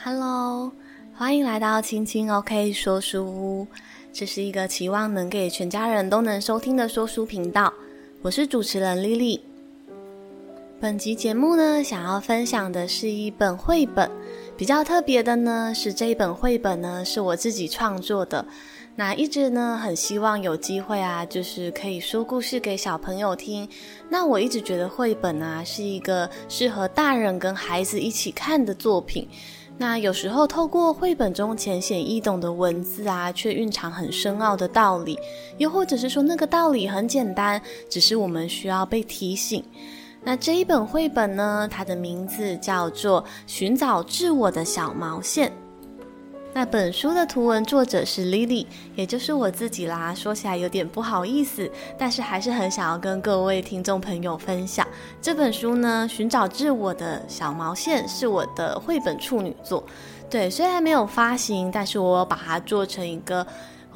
哈嘍，歡迎來到親親 OK 說書屋。這是一個期望能給全家人都能收聽的說書頻道。我是主持人 Lily。本集節目呢，想要分享的是一本繪本。比較特別的呢，是這一本繪本呢是我自己創作的。那一直呢很希望有機會啊，就是可以說故事給小朋友聽。那我一直覺得繪本啊是一個適合大人跟孩子一起看的作品。那有時候透過繪本中淺顯易懂的文字啊，卻蘊藏很深奧的道理，又或者是說那個道理很簡單，只是我們需要被提醒。那這一本繪本呢，它的名字叫做《尋找自我的小毛線》。那本書的圖文作者是 Lily，也就是我自己啦。說起來有點不好意思，但是還是很想要跟各位聽眾朋友分享這本書呢。尋找自我的小毛線是我的繪本處女作，對，雖然沒有發行，但是我把它做成一個。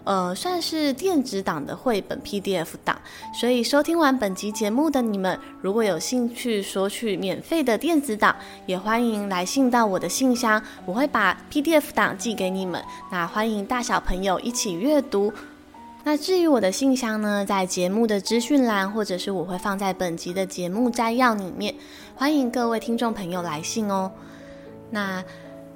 呃，算是電子檔的繪本 PDF 檔，所以收聽完本集節目的你們，如果有興趣索取免費的電子檔，也歡迎來信到我的信箱，我會把 PDF 檔寄給你們。那歡迎大小朋友一起閱讀。那至於我的信箱呢，在節目的資訊欄，或者是我會放在本集的節目摘要裡面，歡迎各位聽眾朋友來信哦。那。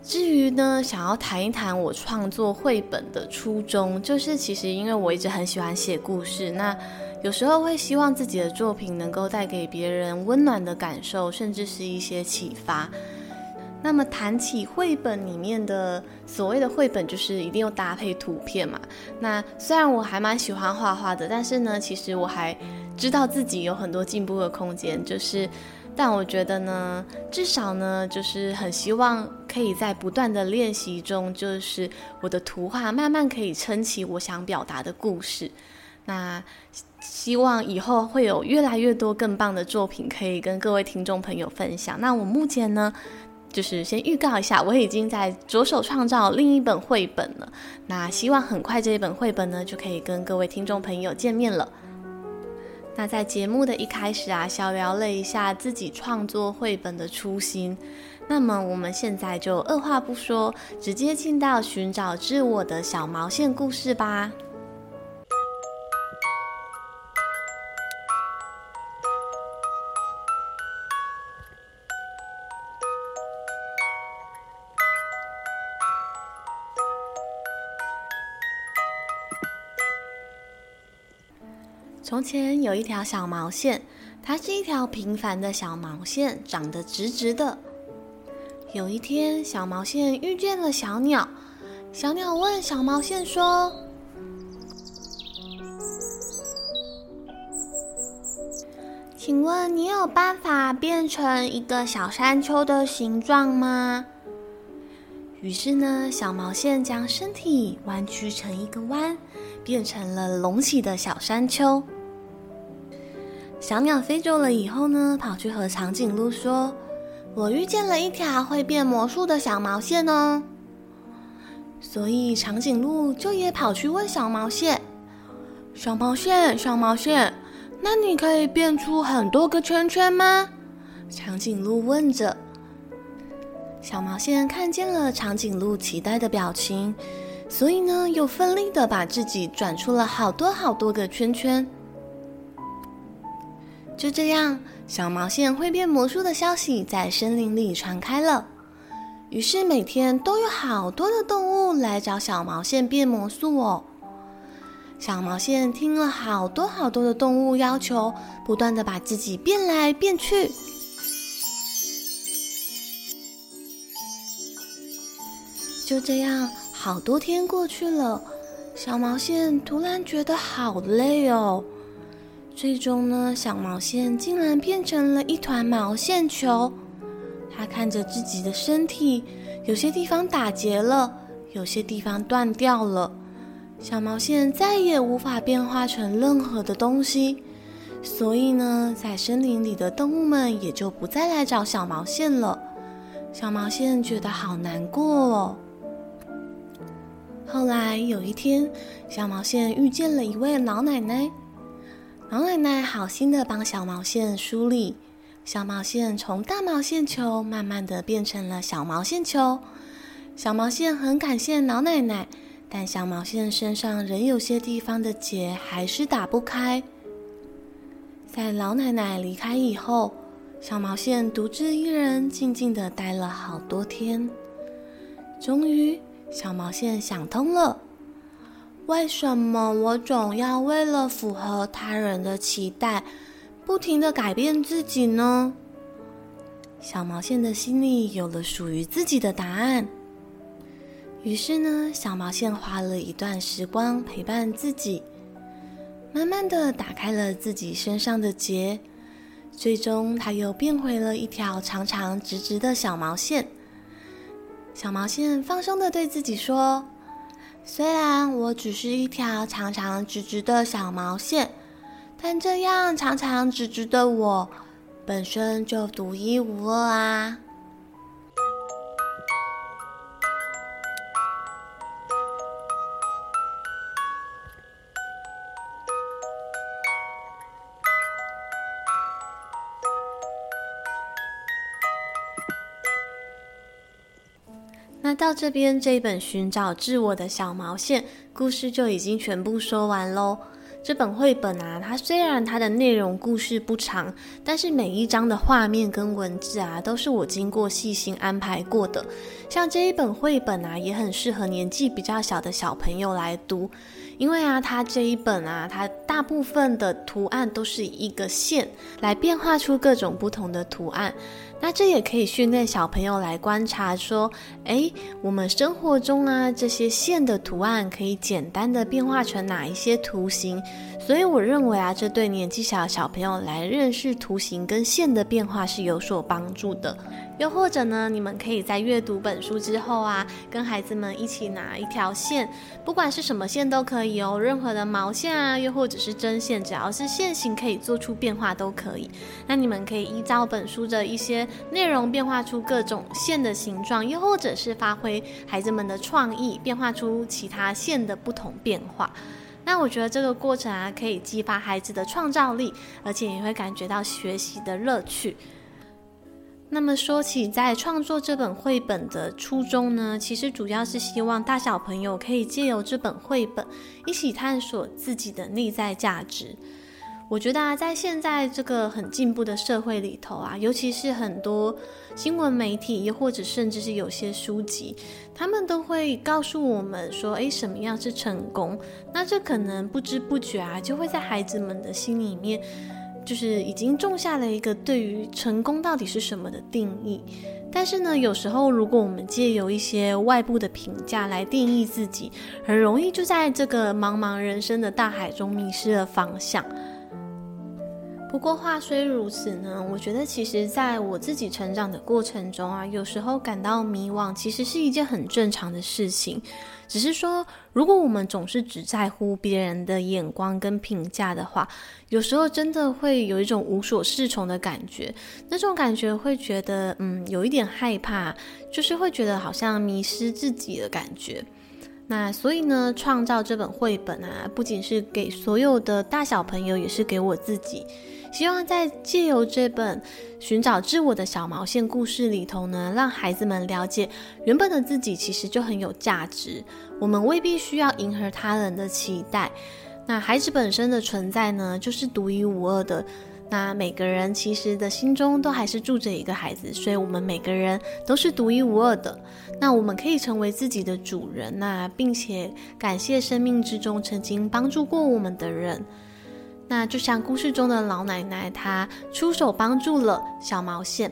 至於呢，想要談一談我創作繪本的初衷，就是其實因為我一直很喜歡寫故事，那有時候會希望自己的作品能夠帶給別人溫暖的感受，甚至是一些啟發。那麼談起繪本裡面的所謂的繪本，就是一定要搭配圖片嘛。那雖然我還蠻喜歡畫畫的，但是呢，其實我還知道自己有很多進步的空間，就是。但我覺得呢，至少呢，就是很希望可以在不斷的練習中，就是我的圖畫慢慢可以撐起我想表達的故事。那希望以後會有越來越多更棒的作品可以跟各位聽眾朋友分享。那我目前呢，就是先預告一下，我已經在着手創造另一本繪本了。那希望很快這一本繪本呢，就可以跟各位聽眾朋友見面了。那在節目的一開始啊，小聊了一下自己創作繪本的初心。那麼我們現在就二話不說，直接進到尋找自我的小毛線故事吧。從前有一條小毛線，它是一條平凡的小毛線，長得直直的。有一天，小毛線遇見了小鳥。小鳥問小毛線說：“請問你有辦法變成一個小山丘的形狀嗎？”於是呢，小毛線將身體彎曲成一個彎，變成了隆起的小山丘。小鳥飛走了以後呢，跑去和長頸鹿說：“我遇見了一條會變魔術的小毛線哦。”所以長頸鹿就也跑去問小毛線：“小毛線，小毛線，那你可以變出很多個圈圈嗎？”長頸鹿問着。小毛線看見了長頸鹿期待的表情，所以呢，又奮力地把自己轉出了好多好多個圈圈。就這樣，小毛線會變魔術的消息在森林裡傳開了。於是每天都有好多的動物來找小毛線變魔術哦。小毛線聽了好多好多的動物要求，不斷的把自己變來變去。就這樣，好多天過去了，小毛線突然覺得好累哦。最終呢，小毛線竟然變成了一團毛線球。他看着自己的身體，有些地方打結了，有些地方斷掉了。小毛線再也無法變化成任何的東西，所以呢，在森林裡的動物們也就不再來找小毛線了。小毛線覺得好難過哦。後來有一天，小毛線遇見了一位老奶奶。老奶奶好心的幫小毛線梳理，小毛線從大毛線球慢慢的變成了小毛線球。小毛線很感謝老奶奶，但小毛線身上仍有些地方的結還是打不開。在老奶奶離開以後，小毛線獨自一人靜靜的待了好多天，終於小毛線想通了。為什麼我總要為了符合他人的期待，不停的改變自己呢？小毛線的心裡有了屬於自己的答案。於是呢，小毛線花了一段時光陪伴自己，慢慢的打開了自己身上的結，最終它又變回了一條長長直直的小毛線。小毛線放鬆的對自己說。雖然我只是一條長長直直的小毛線，但這樣長長直直的我，本身就獨一無二啊！那到這邊這一本尋找自我的小毛線故事就已經全部說完嘍。這本繪本啊，它雖然它的內容故事不長，但是每一張的畫面跟文字啊，都是我經過細心安排過的。像這一本繪本啊，也很適合年紀比較小的小朋友來讀，因為啊，它這一本啊，它大部分的圖案都是以一個線來變化出各種不同的圖案。那這也可以訓練小朋友來觀察說，哎，我們生活中啊這些線的圖案可以簡單的變化成哪一些圖形？所以我認為啊，這對年紀小的小朋友來認識圖形跟線的變化是有所幫助的。又或者呢，你們可以在閱讀本書之後啊，跟孩子們一起拿一條線，不管是什麼線都可以哦，任何的毛線啊，又或者是針線，只要是線型可以做出變化都可以。那你們可以依照本書的一些內容變化出各種線的形狀，又或者是發揮孩子們的創意，變化出其他線的不同變化。那我覺得這個過程啊，可以激發孩子的創造力，而且也會感覺到學習的樂趣。那麼說起在創作這本繪本的初衷呢，其實主要是希望大小朋友可以借由這本繪本，一起探索自己的內在價值。我覺得啊，在現在這個很進步的社會裡頭啊，尤其是很多新聞媒體，又或者甚至是有些書籍，他們都會告訴我們說：“誒，什麼樣是成功？”那這可能不知不覺啊，就會在孩子們的心裡面，就是已經種下了一個對於成功到底是什麼的定義。但是呢，有時候如果我們借由一些外部的評價來定義自己，很容易就在這個茫茫人生的大海中迷失了方向。不過話雖如此呢，我覺得其實在我自己成長的過程中啊，有時候感到迷惘，其實是一件很正常的事情。只是說，如果我們總是只在乎別人的眼光跟評價的話，有時候真的會有一種無所適從的感覺。那種感覺會覺得，嗯，有一點害怕，就是會覺得好像迷失自己的感覺。那所以呢，創造這本繪本啊，不僅是給所有的大小朋友，也是給我自己。希望在借由這本《尋找自我的小毛線》故事裡頭呢，讓孩子們了解，原本的自己其實就很有價值，我們未必需要迎合他人的期待。那孩子本身的存在呢，就是獨一無二的。那每個人其實的心中都還是住着一個孩子，所以我們每個人都是獨一無二的。那我們可以成為自己的主人，那並且感謝生命之中曾經幫助過我們的人。那就像故事中的老奶奶，她出手幫助了小毛線。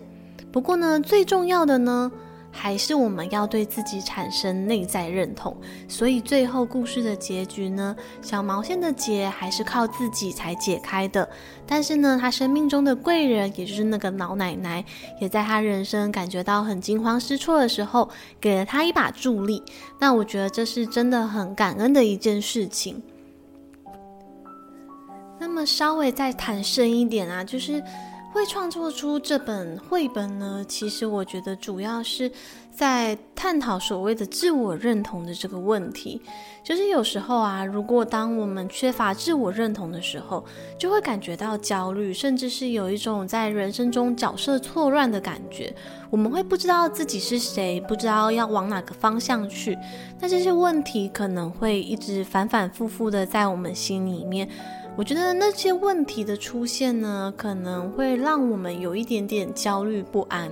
不過呢，最重要的呢，還是我們要對自己產生內在認同，所以最後故事的結局呢，小毛線的結還是靠自己才解開的。但是呢，他生命中的貴人，也就是那個老奶奶，也在他人生感覺到很驚慌失措的時候，給了他一把助力。那我覺得這是真的很感恩的一件事情。那麼稍微再談深一點啊，就是。會創作出這本繪本呢？其實我覺得主要是在探討所謂的自我認同的這個問題。就是有時候啊，如果當我們缺乏自我認同的時候，就會感覺到焦慮，甚至是有一種在人生中角色錯亂的感覺。我們會不知道自己是誰，不知道要往哪個方向去。但這些問題可能會一直反反复复的在我們心裡面。我覺得那些問題的出現呢，可能會讓我們有一點點焦慮不安。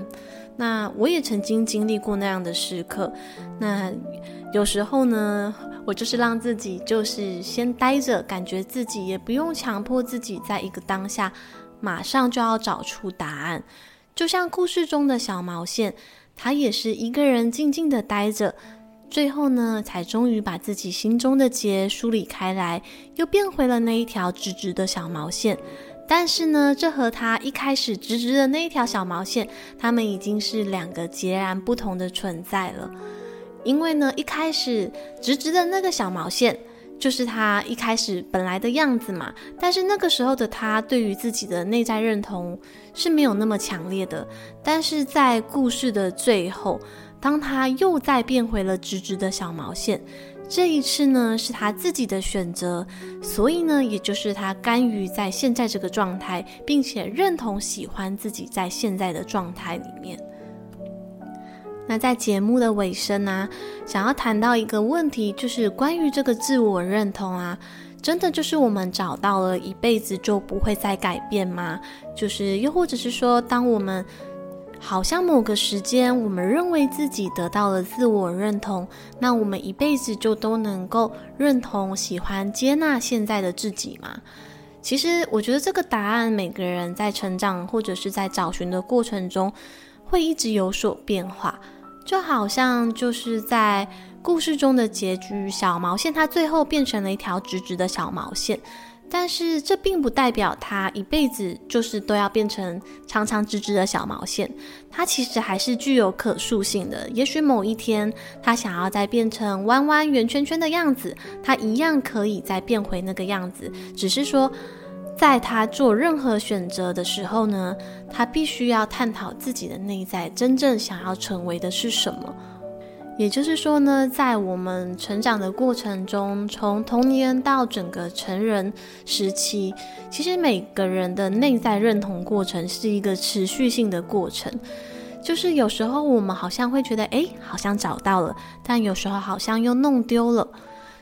那我也曾經經歷過那樣的時刻。那有時候呢，我就是讓自己就是先待着，感覺自己也不用強迫自己，在一個當下馬上就要找出答案。就像故事中的小毛線，它也是一個人靜靜地待着。最後呢，才終於把自己心中的結梳理開來，又變回了那一條直直的小毛線。但是呢，這和他一開始直直的那一條小毛線，他們已經是兩個截然不同的存在了。因為呢，一開始直直的那個小毛線，就是他一開始本來的樣子嘛。但是那個時候的他，對於自己的內在認同是沒有那麼強烈的。但是在故事的最後，當他又再變回了直直的小毛線，這一次呢，是他自己的選擇，所以呢，也就是他甘於在現在這個狀態，並且認同喜歡自己在現在的狀態裡面。那在節目的尾聲呢，啊，想要談到一個問題，就是關於這個自我認同啊，真的就是我們找到了一輩子就不會再改變嗎？就是又或者是說，當我們。好像某個時間，我們認為自己得到了自我認同，那我們一輩子就都能夠認同、喜歡、接納現在的自己嗎？其實，我覺得這個答案，每個人在成長或者是在找尋的過程中，會一直有所變化。就好像就是在故事中的結局，小毛線它最後變成了一條直直的小毛線。但是這並不代表他一輩子就是都要變成長長直直的小毛線，它其實還是具有可塑性的。也許某一天他想要再變成彎彎圓圈圈的樣子，他一樣可以再變回那個樣子。只是說，在他做任何選擇的時候呢，他必須要探討自己的內在真正想要成為的是什麼。也就是說呢，在我們成長的過程中，從童年到整個成人時期，其實每個人的內在認同過程是一個持續性的過程。就是有時候我們好像會覺得，哎、欸，好像找到了，但有時候好像又弄丟了，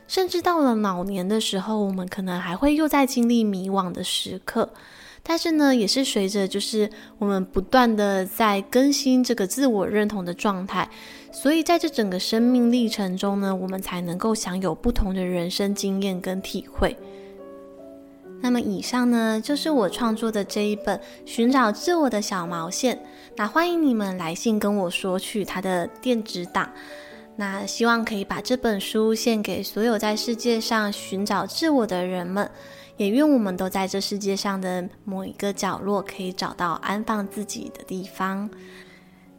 甚至到了老年的時候，我們可能還會又在經歷迷惘的時刻。但是呢，也是隨着就是我們不斷的在更新這個自我認同的狀態，所以在這整個生命歷程中呢，我們才能夠享有不同的人生經驗跟體會。那麼以上呢，就是我創作的這一本《尋找自我的小毛線》。那歡迎你們來信跟我索取它的電子檔。那希望可以把這本書獻給所有在世界上尋找自我的人們。也願我們都在這世界上的某一個角落，可以找到安放自己的地方。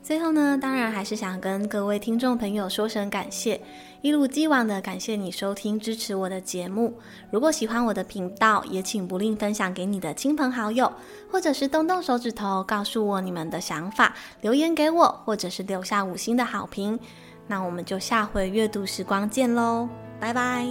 最後呢，當然還是想跟各位聽眾朋友說聲感謝，一如既往的感謝你收聽支持我的節目。如果喜歡我的頻道，也請不吝分享給你的親朋好友，或者是動動手指頭告訴我你們的想法，留言給我，或者是留下五星的好評。那我們就下回閱讀時光見嘍，拜拜。